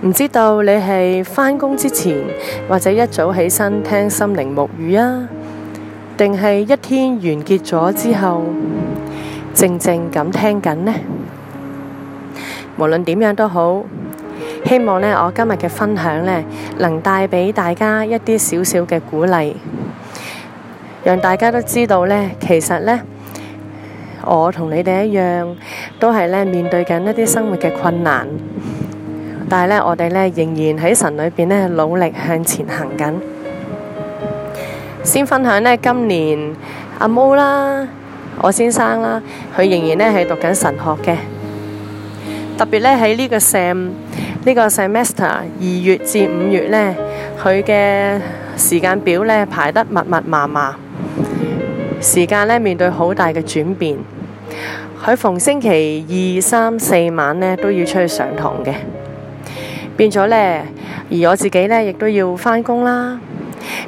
唔知道你係返工之前，或者一早起身聽心靈牧語啊，定係一天完結咗之後，靜靜咁聽緊呢？無論點樣都好，希望呢我今日嘅分享呢，能帶俾大家一啲少少嘅鼓勵，讓大家都知道呢，其實呢，我同你哋一樣，都係呢面對緊一啲生活嘅困難。但係咧，我哋咧仍然喺神裏邊咧，努力向前行緊。先分享呢今年阿毛啦，我先生啦，佢仍然咧係讀緊神學嘅。特別咧喺呢個 sem 呢個 semester 二月至五月呢，佢嘅時間表咧排得密密麻麻，時間咧面對好大嘅轉變。佢逢星期二、三、四晚咧都要出去上堂嘅。變咗呢，而我自己呢，亦都要返工啦。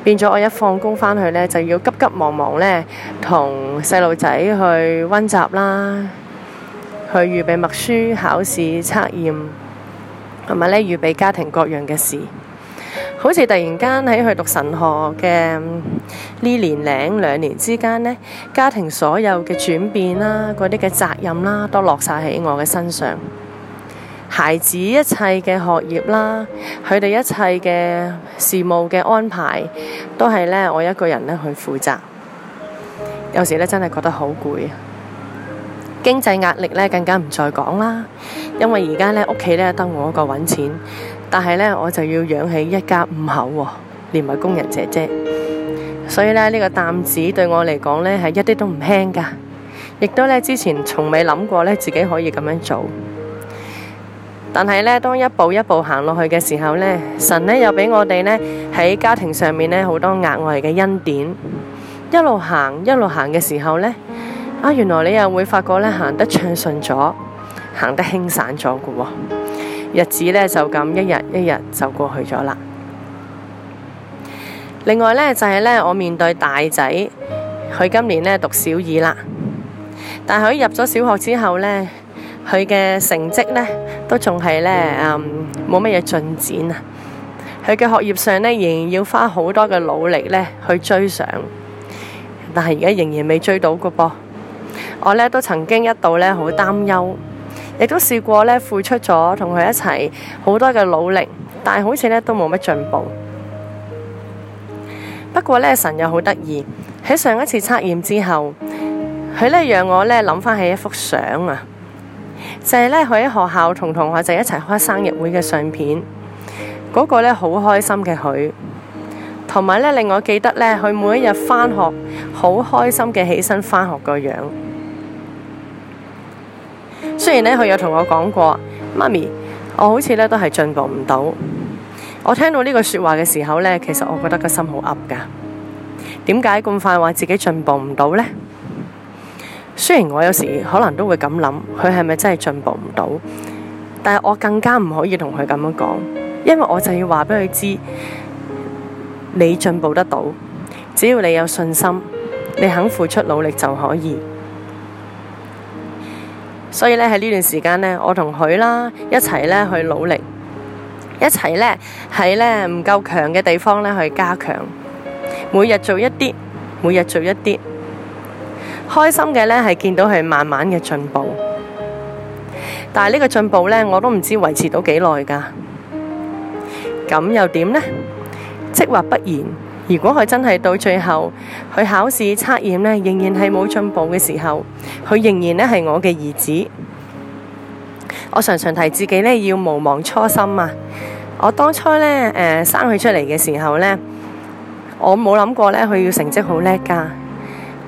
變咗我一放工返去呢，就要急急忙忙呢，同細路仔去溫習啦，去預備默書考試測驗，同埋呢，預備家庭各樣嘅事。好似突然間喺去讀神學嘅呢年零兩年之間呢，家庭所有嘅轉變啦，嗰啲嘅責任啦，都落晒喺我嘅身上。孩子一切嘅學業啦，佢哋一切嘅事務嘅安排，都係咧我一個人咧去負責。有時咧真係覺得好攰啊！經濟壓力咧更加唔再講啦，因為而家咧屋企咧得我一個揾錢，但係咧我就要養起一家五口，連埋工人姐姐，所以咧呢個擔子對我嚟講咧係一啲都唔輕噶，亦都咧之前從未諗過咧自己可以咁樣做。但係呢，當一步一步行落去嘅時候呢，神呢又俾我哋呢喺家庭上面呢好多額外嘅恩典。一路行，一路行嘅時候呢，啊，原來你又會發覺呢，行得暢順咗，行得輕省咗嘅，哦。日子呢就咁一日一日就過去咗啦。另外呢，就係呢我面對大仔，佢今年呢讀小二啦，但係佢入咗小學之後呢。佢嘅成績呢都仲係呢，嗯，冇乜嘢進展啊！佢嘅學業上呢，仍然要花好多嘅努力呢去追上，但係而家仍然未追到嘅噃。我呢都曾經一度呢，好擔憂，亦都試過呢，付出咗同佢一齊好多嘅努力，但係好似呢，都冇乜進步。不過呢，神又好得意，喺上一次測驗之後，佢呢，讓我呢諗翻起一幅相啊！就係咧佢喺學校同同學仔一齊開生日會嘅相片，嗰個咧好開心嘅佢，同埋咧令我記得咧佢每一日翻學好開心嘅起身翻學個樣。雖然咧佢有同我講過，媽咪，我好似咧都係進步唔到。我聽到呢個說話嘅時候咧，其實我覺得個心好噏噶。點解咁快話自己進步唔到呢？雖然我有時可能都會咁諗，佢係咪真係進步唔到？但係我更加唔可以同佢咁樣講，因為我就要話俾佢知，你進步得到，只要你有信心，你肯付出努力就可以。所以咧喺呢段時間咧，我同佢啦一齊咧去努力，一齊咧喺咧唔夠強嘅地方咧去加強，每日做一啲，每日做一啲。開心嘅咧係見到佢慢慢嘅進步，但係呢個進步呢，我都唔知維持到幾耐噶。咁又點呢？即或不然，如果佢真係到最後去考試測驗呢，仍然係冇進步嘅時候，佢仍然咧係我嘅兒子。我常常提自己呢，要無忘初心啊！我當初呢，誒、呃、生佢出嚟嘅時候呢，我冇諗過呢，佢要成績好叻噶。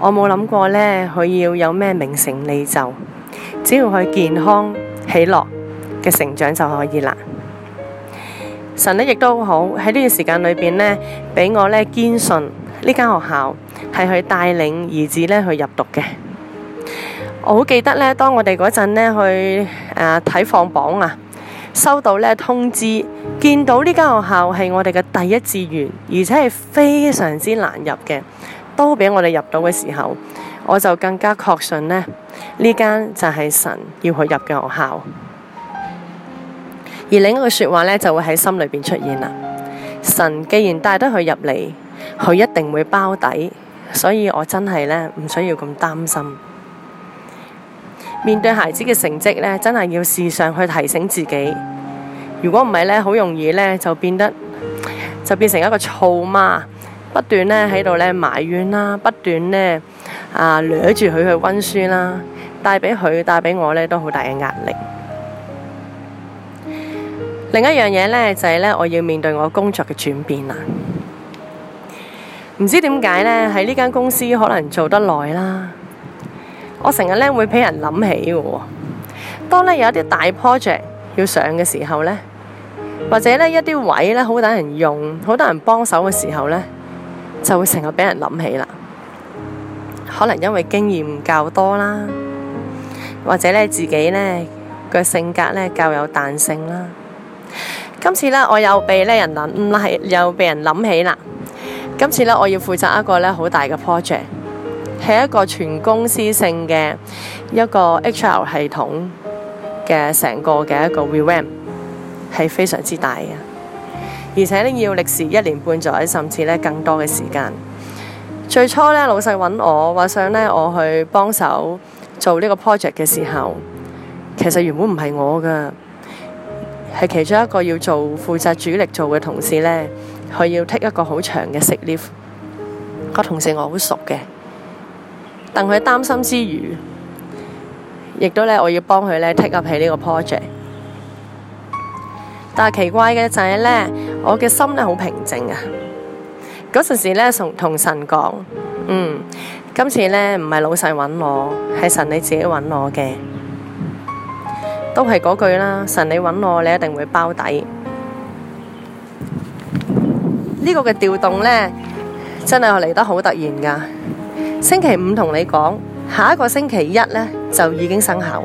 我冇諗過呢，佢要有咩名成利就，只要佢健康、喜樂嘅成長就可以啦。神呢亦都好喺呢段時間裏邊呢，俾我呢堅信呢間學校係佢帶領兒子呢去入讀嘅。我好記得呢，當我哋嗰陣呢去誒睇放榜啊，收到呢通知，見到呢間學校係我哋嘅第一志願，而且係非常之難入嘅。都俾我哋入到嘅時候，我就更加確信呢，呢間就係神要去入嘅學校。而另一句說話呢，就會喺心裏邊出現啦。神既然帶得佢入嚟，佢一定會包底，所以我真係呢，唔需要咁擔心。面對孩子嘅成績呢，真係要時常去提醒自己。如果唔係呢，好容易呢，就變得，就變得，就變成一個醋媽。不斷咧喺度咧埋怨啦，不斷咧啊，掠住佢去溫書啦，帶俾佢，帶俾我咧都好大嘅壓力。另一樣嘢咧就係咧，我要面對我工作嘅轉變啦。唔知點解咧喺呢間公司可能做得耐啦，我成日咧會俾人諗起嘅喎。當咧有一啲大 project 要上嘅時候咧，或者咧一啲位咧好等人用，好多人幫手嘅時候咧。就會成日俾人諗起啦，可能因為經驗唔夠多啦，或者咧自己咧個性格咧較有彈性啦。今次咧我又俾咧人諗起，唔係，又俾人諗起啦。今次咧我要負責一個咧好大嘅 project，係一個全公司性嘅一個 HR 系統嘅成個嘅一個 rebrand，係非常之大嘅。而且咧要歷時一年半載，甚至咧更多嘅時間。最初咧老細揾我話想咧我去幫手做呢個 project 嘅時候，其實原本唔係我噶，係其中一個要做負責主力做嘅同事呢，佢要 take 一個好長嘅 sick leave。個同事我好熟嘅，但佢擔心之餘，亦都咧我要幫佢咧 take up 呢個 project。但係奇怪嘅就係呢。我嘅心咧好平靜啊！嗰陣時咧，同同神講，嗯，今次咧唔係老細搵我，係神你自己搵我嘅，都係嗰句啦。神你搵我，你一定會包底。這個、調呢個嘅調動咧，真係嚟得好突然噶。星期五同你講，下一個星期一咧就已經生效，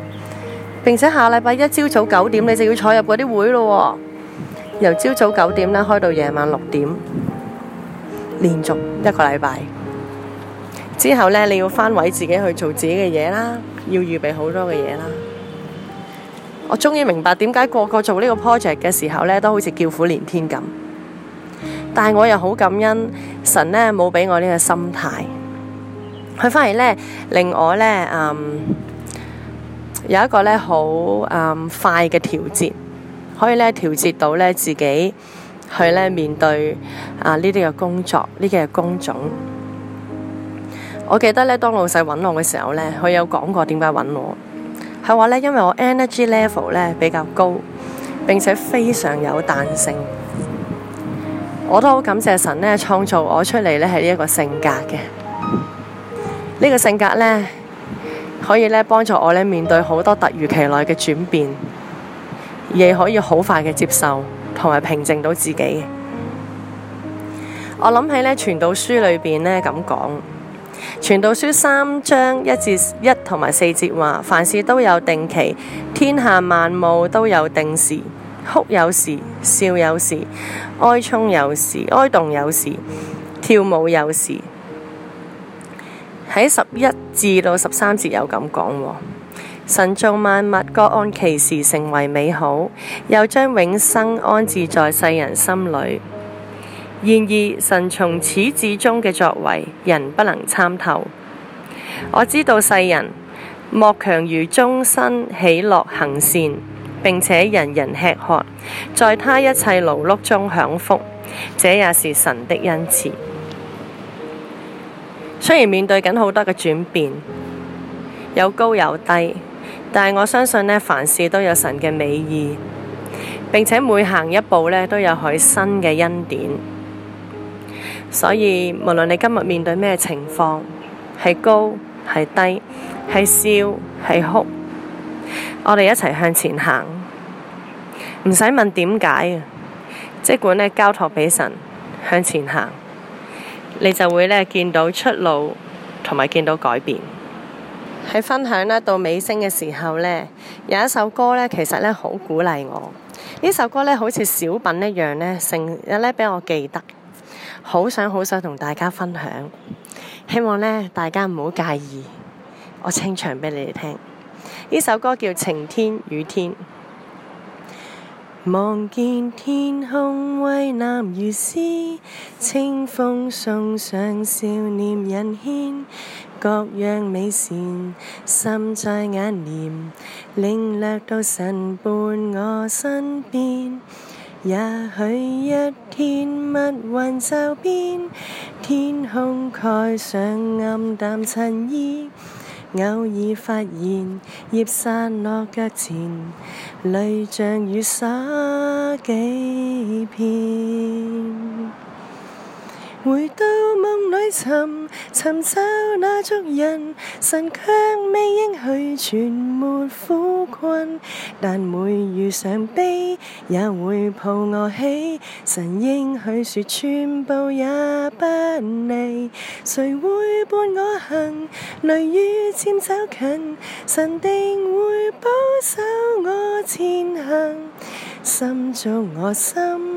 並且下禮拜一朝早九點，你就要坐入嗰啲會咯、啊。由朝早九點咧開到夜晚六點，連續一個禮拜之後咧，你要返位自己去做自己嘅嘢啦，要預備好多嘅嘢啦。我終於明白點解個個做呢個 project 嘅時候呢都好似叫苦連天咁。但係我又好感恩神呢冇俾我呢個心態，佢反而呢，令我呢嗯有一個呢好嗯快嘅調節。可以咧調節到咧自己去咧面對啊呢啲嘅工作，呢啲嘅工種。我記得咧當老細揾我嘅時候咧，佢有講過點解揾我，佢話咧因為我 energy level 咧比較高，並且非常有彈性。我都好感謝神咧創造我出嚟咧係呢一個性格嘅，呢個性格咧可以咧幫助我咧面對好多突如其來嘅轉變。嘢可以好快嘅接受，同埋平靜到自己。我諗起呢傳道書裏邊呢，咁講，傳道書三章一至一同埋四節話，凡事都有定期，天下萬物都有定時，哭有時，笑有時，哀冲有時，哀慟，有時跳舞有時。喺十一至到十三節有咁講。神造萬物，各按其時成為美好，又將永生安置在世人心裏。然而，神從始至終嘅作為，人不能參透。我知道世人莫強如終身喜樂行善，並且人人吃喝，在他一切勞碌中享福，這也是神的恩賜。雖然面對緊好多嘅轉變，有高有低。但係我相信咧，凡事都有神嘅美意，並且每行一步咧，都有佢新嘅恩典。所以無論你今日面對咩情況，係高係低，係笑係哭，我哋一齊向前行，唔使問點解啊！即管咧交託俾神向前行，你就會咧見到出路同埋見到改變。喺分享呢到尾聲嘅時候呢，有一首歌呢，其實呢好鼓勵我。呢首歌呢，好似小品一樣呢，成日呢俾我記得，好想好想同大家分享。希望呢，大家唔好介意，我清唱俾你哋聽。呢首歌叫《晴天雨天》。望見天空蔚藍如絲，清風送上少年人牽。各樣美善滲在眼簾，領略到神伴我身邊。也許一天密雲就變，天空蓋上暗淡襯衣，偶爾發現葉散落腳前，淚像雨灑幾片。回到夢裏尋尋找那族人，神卻未應許全沒苦困，但每遇上悲，也會抱我起，神應許説全部也不離，誰會伴我行，雷雨漸走近，神定會保守我前行，心中我心。